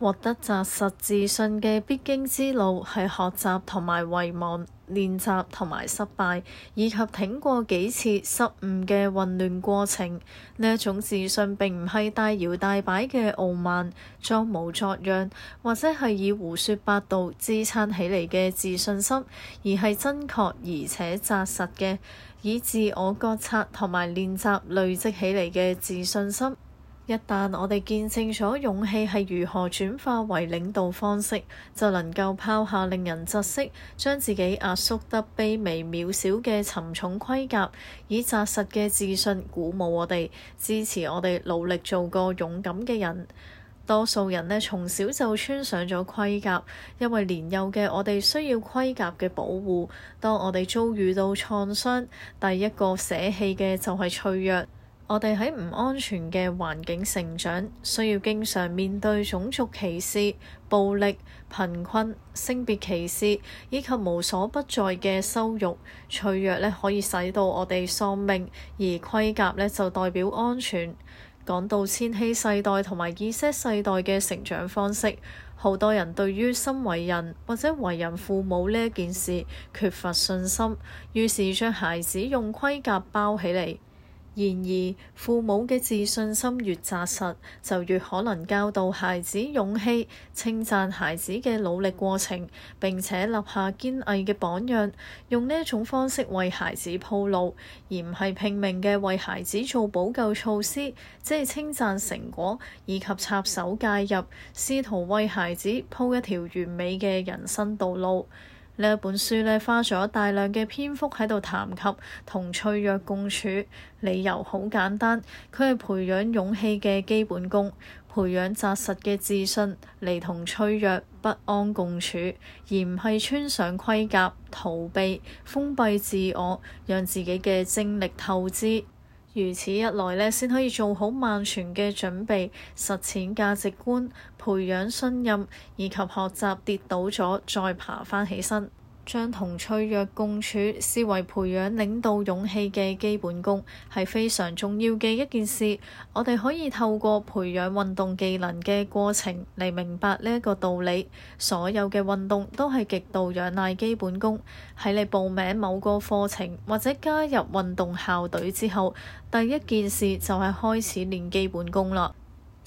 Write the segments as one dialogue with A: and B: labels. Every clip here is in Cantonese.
A: 獲得紮實自信嘅必經之路係學習同埋遺忘、練習同埋失敗，以及挺過幾次失誤嘅混亂過程。呢一種自信並唔係大搖大擺嘅傲慢、裝模作樣，或者係以胡說八道支撐起嚟嘅自信心，而係真確而且紮實嘅，以自我覺察同埋練習累積起嚟嘅自信心。一旦我哋見證咗勇氣係如何轉化為領導方式，就能夠拋下令人窒息、將自己壓縮得卑微渺小嘅沉重盔甲，以紮實嘅自信鼓舞我哋，支持我哋努力做個勇敢嘅人。多數人呢，從小就穿上咗盔甲，因為年幼嘅我哋需要盔甲嘅保護。當我哋遭遇到創傷，第一個捨棄嘅就係脆弱。我哋喺唔安全嘅環境成長，需要經常面對種族歧視、暴力、貧困、性別歧視以及無所不在嘅羞辱，脆弱呢可以使到我哋喪命。而盔甲呢就代表安全。講到千禧世代同埋 Z 世代嘅成長方式，好多人對於身為人或者為人父母呢件事缺乏信心，於是將孩子用盔甲包起嚟。然而，父母嘅自信心越紮實，就越可能教導孩子勇氣，稱讚孩子嘅努力過程，並且立下堅毅嘅榜樣。用呢一種方式為孩子鋪路，而唔係拼命嘅為孩子做補救措施，即係稱讚成果以及插手介入，試圖為孩子鋪一條完美嘅人生道路。呢一本書呢，花咗大量嘅篇幅喺度談及同脆弱共處，理由好簡單，佢係培養勇氣嘅基本功，培養紮實嘅自信嚟同脆弱不安共處，而唔係穿上盔甲逃避、封閉自我，讓自己嘅精力透支。如此一來，呢先可以做好萬全嘅準備，實踐價值觀，培養信任，以及學習跌倒咗再爬翻起身。將同脆弱共處視為培養領導勇氣嘅基本功，係非常重要嘅一件事。我哋可以透過培養運動技能嘅過程嚟明白呢一個道理。所有嘅運動都係極度仰賴基本功。喺你報名某個課程，或者加入運動校隊之後，第一件事就係開始練基本功啦。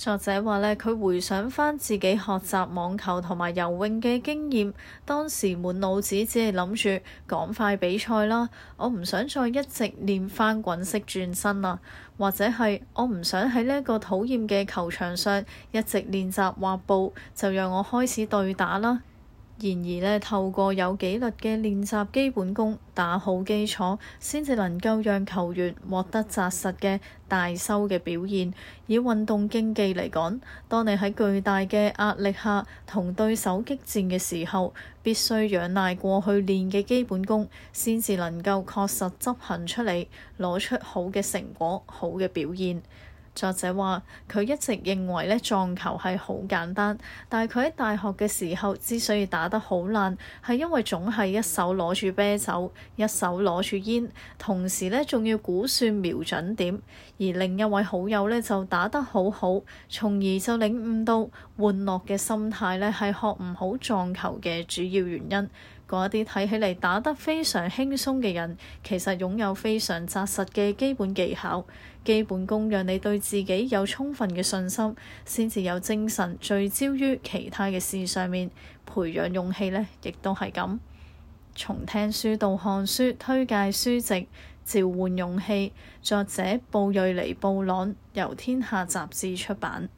A: 作者話咧，佢回想翻自己學習網球同埋游泳嘅經驗，當時滿腦子只係諗住趕快比賽啦，我唔想再一直練翻滾式轉身啦，或者係我唔想喺呢一個討厭嘅球場上一直練習滑步，就讓我開始對打啦。然而咧，透過有紀律嘅練習基本功，打好基礎，先至能夠讓球員獲得紮實嘅大修嘅表現。以運動競技嚟講，當你喺巨大嘅壓力下同對手激戰嘅時候，必須仰賴過去練嘅基本功，先至能夠確實執行出嚟，攞出好嘅成果，好嘅表現。作者話：佢一直認為咧撞球係好簡單，但係佢喺大學嘅時候之所以打得好爛，係因為總係一手攞住啤酒，一手攞住煙，同時咧仲要估算瞄準點。而另一位好友咧就打得好好，從而就領悟到玩樂嘅心態咧係學唔好撞球嘅主要原因。嗰啲睇起嚟打得非常輕鬆嘅人，其實擁有非常紮實嘅基本技巧、基本功，讓你對自己有充分嘅信心，先至有精神聚焦於其他嘅事上面。培養勇氣咧，亦都係咁。從聽書到看書，推介書籍，召喚勇氣，作者布瑞尼布朗，由天下雜誌出版。